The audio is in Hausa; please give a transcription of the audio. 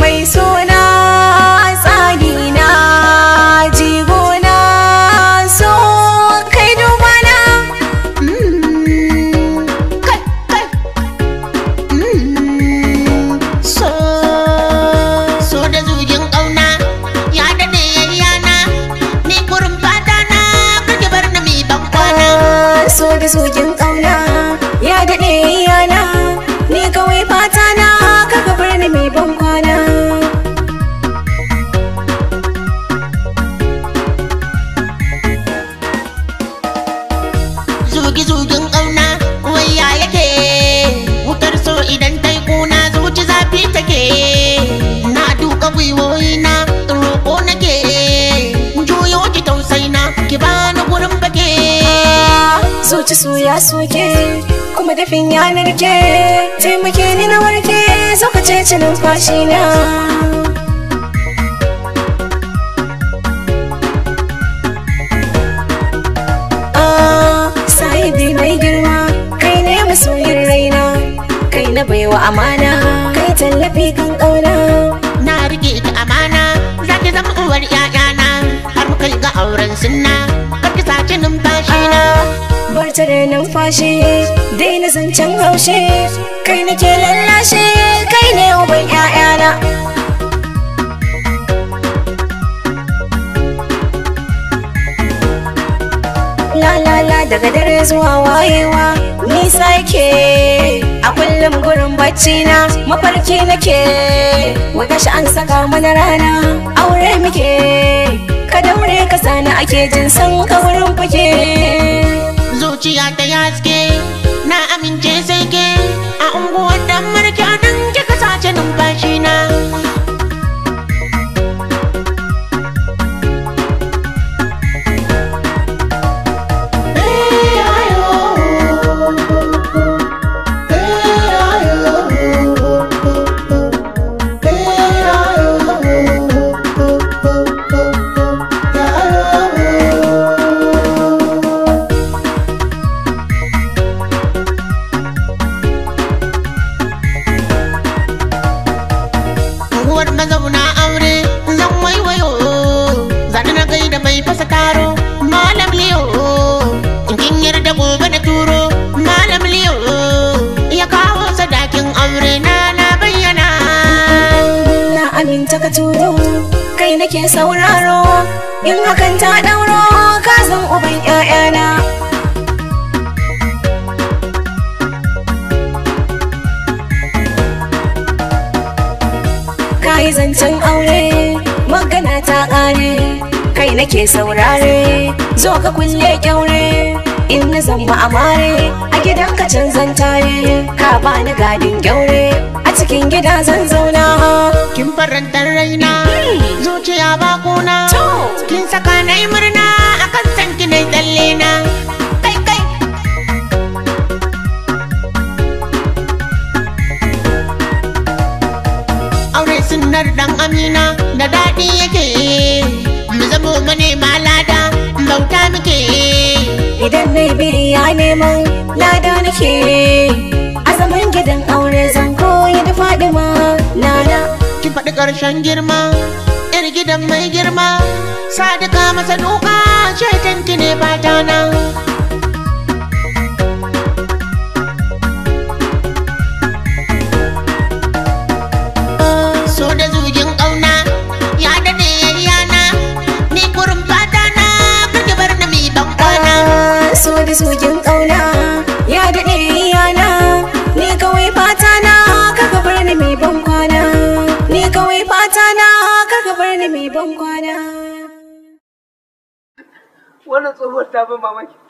mai suna tsari na jigo na so kai duba na mm, mm, so so da zugin ƙauna ya daɗe yana ni kurin fata na kake bar na mai bankwana ah, so da zugin zuci su ya soke kuma dafin yanar ke taimake ni na warke zo ka ceci numfashi na ah, mai girma kai ne masoyin raina kai na baiwa amana kai tallafi kan ƙauna na rike ki amana za ki zama uwar 'ya'yana har kai ga auren sunna tare numfashi na zancen haushe kai nake lallashe kai ne uban na la la daga dare zuwa wayewa nisa ke a kullum gurin bacci na mafarki nake wata sha'an an saka mana rana aure muke ka daure ka sani ake jin san ka wurin fake zuciya ta yaske na amince sai ke taka turo kai nake sauraro in hakan ta ɗauro kazan uban 'ya'yana kai zancen aure magana ta ƙare kai nake saurare zo ka kulle kyaure in na zama amare a gidan ka can zan tare ka bani gadin gyaure a cikin gida zan zauna kin farantar raina hmm. zuciya ba kuna kin saka na yi murna akan sanki na tsalle na Aure sunnar dan amina da daɗi yake birbiri ya neman lada nake a gidan aure zan koyi da fadima lala ki faɗi ƙarshen girma 'yar gidan mai girma sadika masa duka masugin ƙauna ya daɗe iyana ni kawai fata na kaka bar ni mai ban kwana ni kawai fata na kaka bar ni mai ban kwana wannan tsohuwar ta ban mamaki